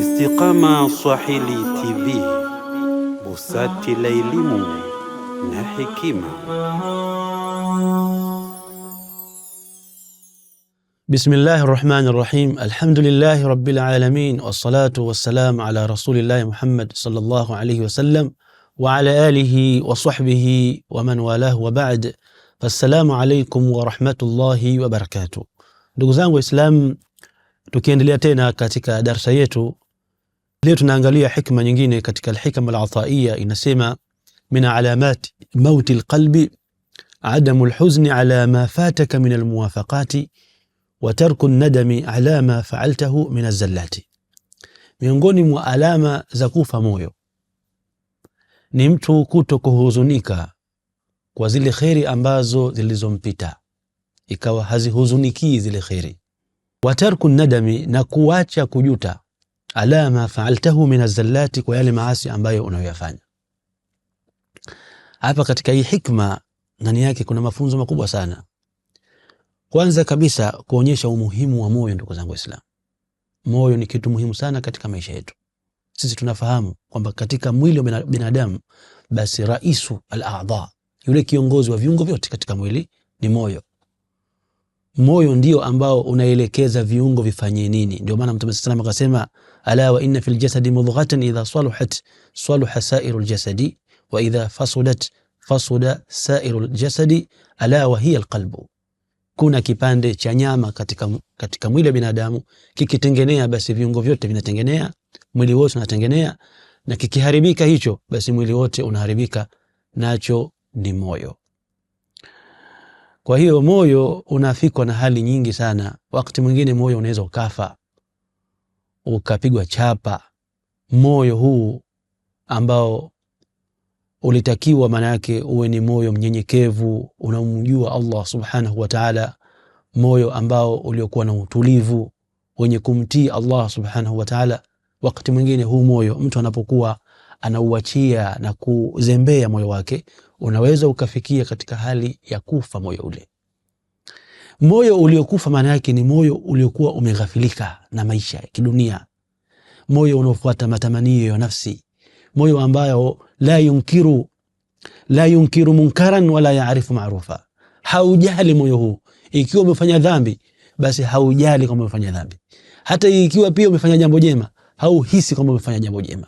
Istiqama Swahili TV, busati la elimu na hekima. Bismillahi rahmani rahim, alhamdulillahi rabbil alamin, wassalatu wassalamu ala rasulillahi Muhammad sallallahu alayhi wasallam wa ala alihi wa sahbihi wa man walahu wa ba'd. Fassalamu alaykum wa rahmatullahi wa barakatuh. Ndugu zangu Waislamu, tukiendelea tena katika darsa yetu leo, tunaangalia hikma nyingine katika alhikam alathaiya. Inasema, min alamati mauti alqalbi adamu alhuzni ala ma fataka min almuwafaqati wa tarku nadami ala ma faaltahu min alzallati, miongoni mwa alama za kufa moyo ni mtu kuto kuhuzunika kwa zile kheri ambazo zilizompita ikawa hazihuzunikii zile kheri. Watarku nadami, na kuacha kujuta, ala ma faaltahu min azallati, kwa yale maasi ambayo unayoyafanya. Hapa katika hii hikma ndani yake kuna mafunzo makubwa sana. Kwanza kabisa kuonyesha umuhimu wa moyo. Ndugu zangu Waislamu, moyo ni kitu muhimu sana katika maisha yetu. Sisi tunafahamu kwamba katika mwili wa binadamu basi raisu al-a'dha, yule kiongozi wa viungo vyote katika mwili ni moyo moyo ndio ambao unaelekeza viungo vifanye nini. Ndio maana Mtume sallallahu alayhi akasema ala wa inna fil jasadi mudghatan idha saluhat saluha sairu ljasadi wa idha fasadat fasada sairul jasadi ala wa hiya alqalbu, kuna kipande cha nyama katika, katika mwili wa binadamu kikitengenea, basi viungo vyote vinatengenea, mwili wote unatengenea, na kikiharibika hicho, basi mwili wote unaharibika, nacho ni moyo. Kwa hiyo moyo unafikwa na hali nyingi sana. Wakati mwingine moyo unaweza ukafa, ukapigwa chapa. Moyo huu ambao ulitakiwa maana yake uwe ni moyo mnyenyekevu, unamjua Allah subhanahu wa ta'ala, moyo ambao uliokuwa na utulivu, wenye kumtii Allah subhanahu wa ta'ala. Wakati mwingine huu moyo mtu anapokuwa anauachia na kuzembea moyo wake, unaweza ukafikia katika hali ya kufa moyo ule. Moyo uliokufa maana yake ni moyo uliokuwa umeghafilika na maisha ya kidunia, moyo unaofuata matamanio ya nafsi, moyo ambayo la yunkiru, la yunkiru munkaran wala yaarifu maarufa. Haujali moyo huu, ikiwa umefanya dhambi basi haujali kwamba umefanya dhambi, hata ikiwa pia umefanya jambo jema hauhisi kwamba umefanya jambo jema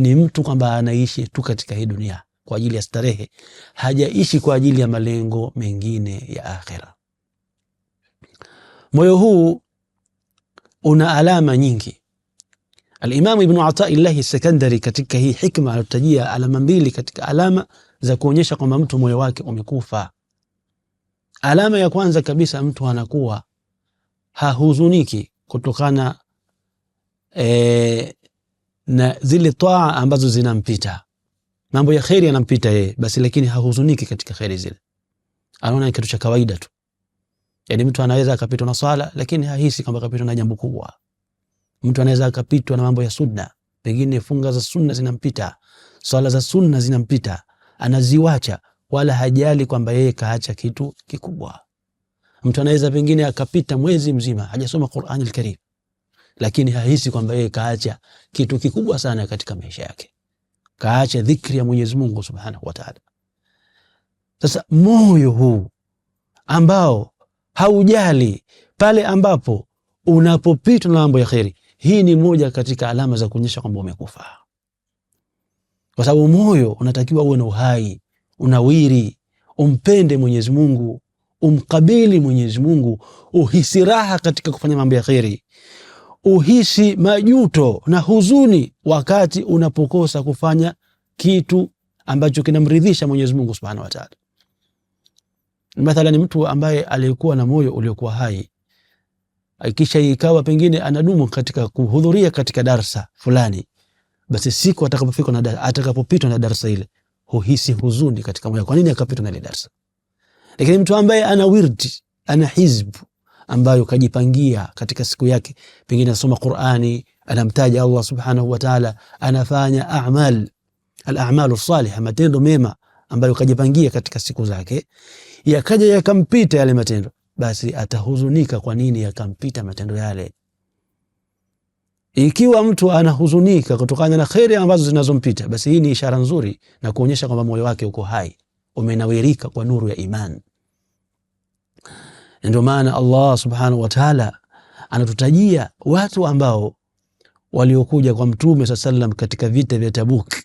ni mtu kwamba anaishi tu katika hii dunia kwa ajili ya starehe, hajaishi kwa ajili ya malengo mengine ya akhera. Moyo huu una alama nyingi. Alimamu Ibnu Ataillahi Sekandari katika hii hikma alotajia alama mbili katika alama za kuonyesha kwamba mtu moyo wake umekufa. Alama ya kwanza kabisa, mtu anakuwa hahuzuniki kutokana eh, na zile taa ambazo zinampita, mambo ya kheri yanampita yeye basi, lakini hahuzuniki katika kheri zile, anaona ni kitu cha kawaida tu. Yani mtu anaweza akapitwa na swala, lakini hahisi kwamba akapitwa na jambo kubwa. Mtu anaweza akapitwa na mambo ya sunna, pengine funga za sunna zinampita, swala za sunna zinampita, anaziwacha wala hajali kwamba yeye kaacha kitu kikubwa. Mtu anaweza pengine akapita mwezi mzima hajasoma Qur'an al-Karim lakini hahisi kwamba yeye kaacha kitu kikubwa sana katika maisha yake, kaacha dhikri ya Mwenyezi Mungu Subhanahu wa Ta'ala. Sasa moyo huu ambao haujali pale ambapo unapopitwa na mambo ya kheri, hii ni moja katika alama za kuonyesha kwamba umekufa, kwa sababu moyo unatakiwa uwe na uhai, unawiri, umpende Mwenyezi Mungu, umkabili Mwenyezi Mungu, uhisi raha katika kufanya mambo ya kheri uhisi majuto na huzuni wakati unapokosa kufanya kitu ambacho kinamridhisha Mwenyezi Mungu Subhanahu wa Ta'ala. Mathalan, mtu ambaye alikuwa na moyo uliokuwa hai kisha ikawa pengine anadumu katika kuhudhuria katika darsa fulani, basi siku atakapofika na darsa, atakapopitwa na darsa ile huhisi huzuni katika moyo, kwa nini akapitwa na ile darsa. Lakini mtu ambaye ana wirdi, ana hizbu ambayo kajipangia katika siku yake, pengine anasoma Qur'ani, anamtaja Allah subhanahu wa ta'ala, anafanya a'mal al-a'malu salihah, matendo mema ambayo kajipangia katika siku zake, yakaja yakampita yale matendo, basi atahuzunika. Kwa nini yakampita matendo yale? Ikiwa mtu anahuzunika kutokana na kheri ambazo zinazompita, basi hii ni ishara nzuri na kuonyesha kwamba moyo wake uko hai, umenawirika kwa nuru ya imani. Ndio maana Allah subhanahu wa taala anatutajia watu ambao waliokuja kwa mtume saa sallam katika vita vya Tabuki.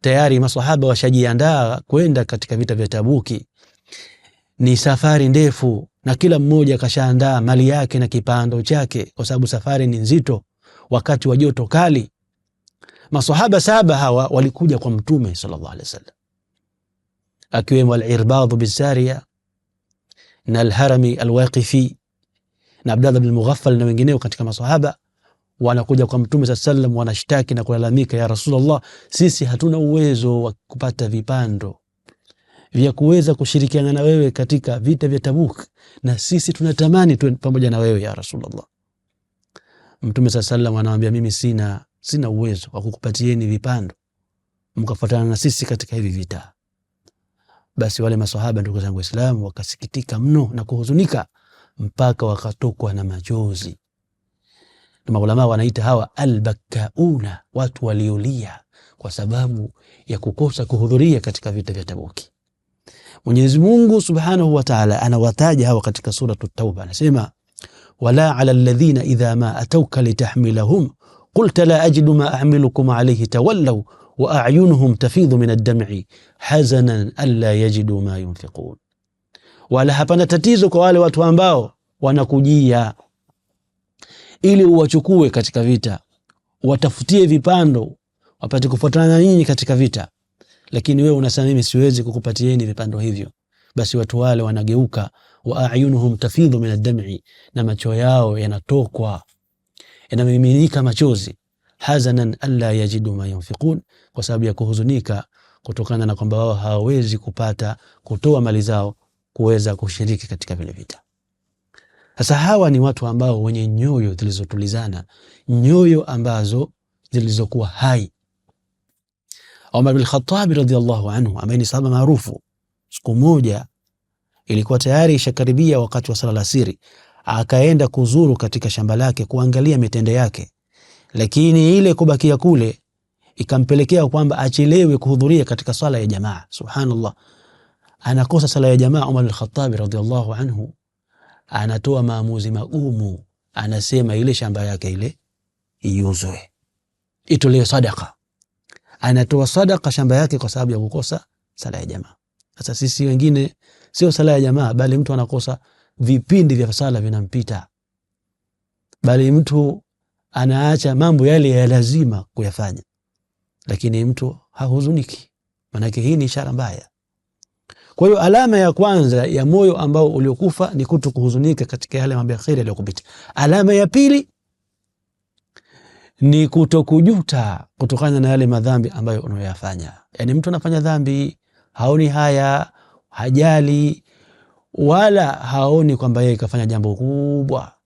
Tayari masahaba washajiandaa kwenda katika vita vya Tabuki, ni safari ndefu, na kila mmoja kashaandaa mali yake na kipando chake, kwa sababu safari ni nzito wakati wa joto kali. Masahaba saba hawa walikuja kwa mtume sallallahu alaihi wasallam, akiwemo al bisaria bin na Alharami Alwaqifi na Abdallah bin Mughaffal na wengineo katika masahaba wanakuja kwa Mtume saa sallam, wanashtaki na kulalamika, ya Rasulullah, sisi hatuna uwezo wa kupata vipando vya kuweza kushirikiana na wewe katika vita vya Tabuk, na sisi tunatamani tuwe pamoja na wewe ya Rasulullah. Mtume saa sallam anawaambia, mimi sina, sina uwezo wa kukupatieni vipando mkafuatana na sisi katika hivi vita. Basi wale masahaba, ndugu zangu Waislamu, wakasikitika mno na kuhuzunika mpaka wakatokwa na machozi. Maulama wanaita hawa albakauna, watu waliolia kwa sababu ya kukosa kuhudhuria katika vita vya Tabuki. Mwenyezi Mungu Subhanahu wa Ta'ala anawataja hawa katika suratu Tauba, anasema wala ala alladhina idha ma atauka litahmilahum qulta la ajidu ma ahmilukum alayhi tawallaw wa ayunuhum tafidhu min ad hazanan alla yajidu ma yunfiqun, wala hapana tatizo kwa wale watu ambao wanakujia ili uwachukue katika vita, watafutie vipando wapate kufuatana nyinyi katika vita, lakini wewe unasema mimi siwezi kukupatieni vipando hivyo. Basi watu wale wanageuka, wa ayunuhum tafidhu min ad na macho yao yanatokwa yanamiminika machozi hazanan alla yajidu ma yunfiqun, kwa sababu ya kuhuzunika kutokana na kwamba wao hawawezi kupata kutoa mali zao kuweza kushiriki katika vile vita. Sasa hawa ni watu ambao wenye nyoyo zilizotulizana, nyoyo ambazo zilizokuwa hai. Umar bin Khattab radhiyallahu anhu ambaye ni sahaba maarufu, siku moja ilikuwa tayari ishakaribia wakati wa sala la siri, akaenda kuzuru katika shamba lake kuangalia mitende yake lakini ile kubakia kule ikampelekea kwamba achelewe kuhudhuria katika swala ya jamaa. Subhanallah, anakosa sala ya jamaa. Umar al-Khattabi radhiallahu anhu anatoa maamuzi magumu, anasema ile shamba yake ile iuzwe, itolewe sadaka. Anatoa sadaka shamba yake kwa sababu ya kukosa sala ya jamaa. Sasa sisi wengine sio sala ya jamaa, bali mtu anakosa vipindi vya sala vinampita, bali mtu anaacha mambo yale ya lazima kuyafanya, lakini mtu hahuzuniki. Manake hii ni ishara mbaya. Kwa hiyo alama ya kwanza ya moyo ambao uliokufa ni kuto kuhuzunika katika yale mambo ya kheri yaliyokupita. Alama ya pili ni kutokujuta kutokana na yale madhambi ambayo unayoyafanya. Yani mtu anafanya dhambi, haoni haya, hajali wala haoni kwamba yeye kafanya jambo kubwa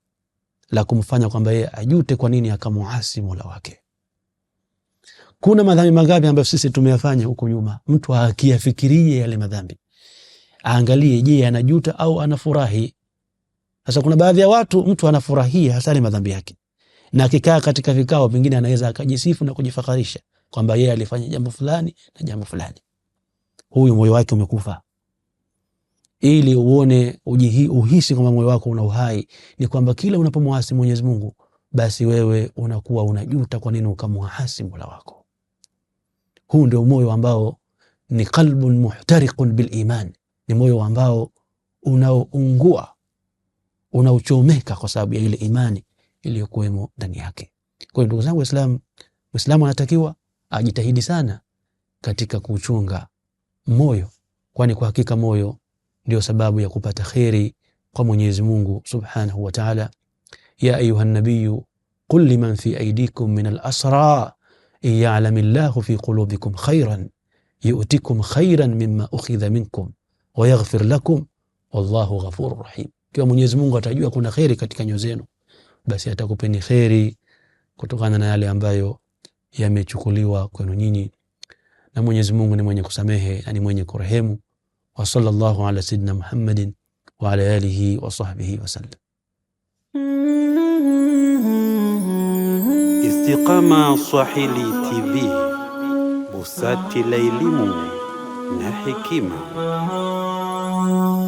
la kumfanya kwamba yeye ajute kwa nini akamuasi Mola wake. Kuna madhambi mangapi ambayo sisi tumeyafanya huko nyuma, mtu akiyafikirie yale madhambi, aangalie, je, anajuta au anafurahi? Sasa kuna baadhi ya watu mtu anafurahia hasa madhambi yake, na akikaa katika vikao vingine anaweza akajisifu na kujifaharisha kwamba yeye alifanya jambo fulani na jambo fulani. Huyu moyo wake umekufa ili uone ujihi, uhisi kwamba moyo wako una uhai, ni kwamba kila unapomwasi Mwenyezi Mungu basi wewe unakuwa unajuta kwa nini ukamwasi Mola wako. Huu ndio moyo ambao ni qalbun muhtariqun bil iman, ni moyo ambao unaoungua unaochomeka kwa sababu ya ile imani iliyokuwemo ndani yake. Kwa hiyo ndugu zangu Waislamu, Muislamu anatakiwa ajitahidi sana katika kuchunga moyo, kwani kwa hakika moyo ndio sababu ya kupata kheri kwa Mwenyezi Mungu Subhanahu wa Ta'ala. Ya ayuha nabiyu qul liman fi aydikum min al-asra in ya'lam Allahu fi qulubikum khairan yu'tikum khairan mimma ukhidha minkum wa yaghfir lakum wallahu ghafurur rahim. Kwa Mwenyezi Mungu atajua kuna kheri katika nyoyo zenu, basi atakupeni kheri kutokana na yale ambayo yamechukuliwa kwenu nyinyi, na Mwenyezi Mungu ni mwenye kusamehe na ni mwenye kurehemu. وصلى الله على سيدنا محمد وعلى آله وصحبه وسلم Istiqama Swahili TV, busati la elimu na hekima.